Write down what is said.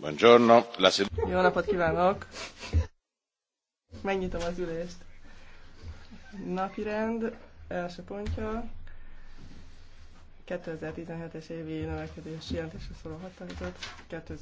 Jó napot kívánok! Megnyitom az ülést. Napirend első pontja 2017-es évi növekedési jelentésre szóló határozat